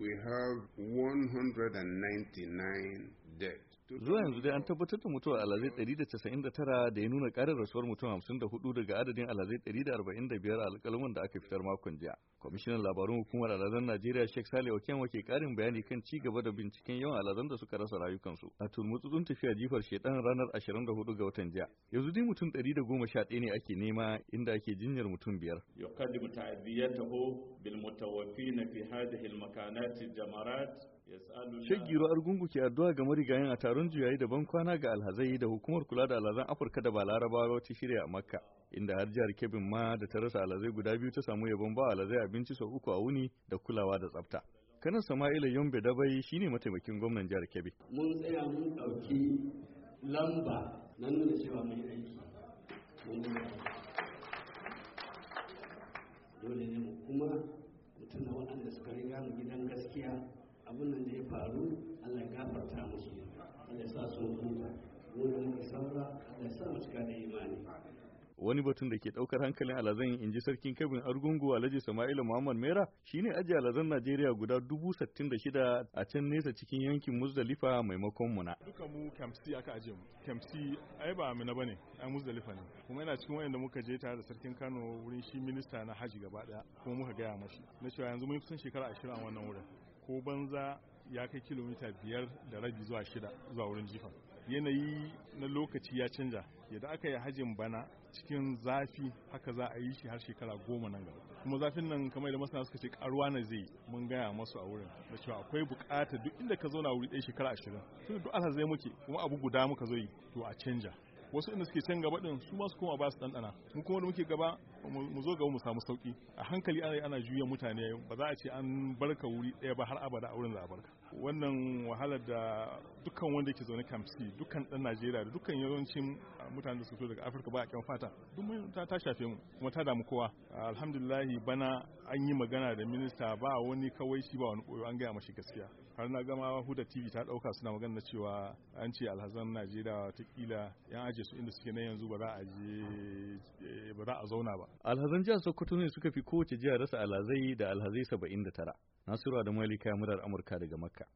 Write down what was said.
we have 199 dead. Zuwa yanzu dai an tabbatar da mutuwa alazai 199 da ya nuna karin rasuwar mutum 54 daga adadin alazai 145 a alƙalmin da aka fitar makon jiya. Kwamishinan labarun hukumar alazan Najeriya Sheikh Sale Okenwa ke karin bayani kan ci gaba da binciken yawan alazan da suka rasa rayukansu. A turmutsutsun tafiya jifar shedan ranar 24 ga watan jiya. Yanzu dai mutum 111 ne ake nema inda ake jinyar mutum biyar. Yuqaddimu ta'diyatahu bil mutawaffina fi hadhihi al makanat Shagiro Argungu ke addu'a ga marigayen a taron juyayi da kwana ga alhazai da hukumar kula da alhazan Afirka da ba larabawa ta shirya a Makka. Inda har jihar Kebbi ma da ta rasa alhazai guda biyu ta samu yabon ba alhazai abinci sau uku a wuni da kulawa da tsafta. Kanan Sama'ila Yombe Dabai shine mataimakin gwamnan jihar Kebbi. Mun tsaya mun ɗauki lamba nan nuna cewa mai aiki. Dole ne mu kuma mutum na waɗanda suka riga mu gidan gaskiya abin nan da ya faru Allah ya gafarta musu Allah ya sa su hukunta wanda muka saura Allah ya sa mu cika da imani wani batun da ke daukar hankalin alazan in ji sarkin kabin argungu alhaji sama'ila muhammad mera shine ajiye alazan najeriya guda dubu sittin da shida a can nesa cikin yankin muzdalifa maimakon muna duka mu kamsi aka ajiye mu kamsi ai ba amina bane ai muzdalifa ne kuma yana cikin wayanda muka je tare da sarkin kano wurin shi minista na haji gaba daya kuma muka gaya mashi na cewa yanzu mun kusan shekara ashirin a wannan wurin ko banza ya kai kilomita biyar da rabi zuwa shida zuwa wurin jifan yanayi na lokaci ya canja yadda aka yi hajin bana cikin zafi haka za a yi shi har shekara goma nan gaba kuma zafin nan kamar da masana suka ce karuwa na zai mun gaya masu a wurin da cewa akwai bukata duk inda ka zauna wuri ɗaya shekara ashirin tun duk alhazai muke kuma abu guda muka zo yi to a canja wasu inda suke can gaba din su ma su koma ba su ɗanɗana mu kuma da muke gaba mu zo gaba mu samu sauki a hankali ana ana juya mutane ba za a ce an barka wuri daya ba har abada a wurin za a barka wannan wahalar da dukkan wanda yake zaune kamsi dukkan ɗan Najeriya da dukkan yawancin mutanen da su daga Afirka ba a kyan fata duk ta ta shafe mu kuma ta damu kowa alhamdulillah bana an yi magana da minista ba wani kawai shi ba wani koyo an gaya mashi gaskiya har na gama huda TV ta ɗauka suna magana cewa an ce alhazan Najeriya watakila yan ajiye su inda suke na yanzu ba za a eh, ba za a zauna ba alhazan jihar sokoto ne suka fi kowace jiha rasa alhazai da alhazai 79 nasiru da malika murar amurka daga makka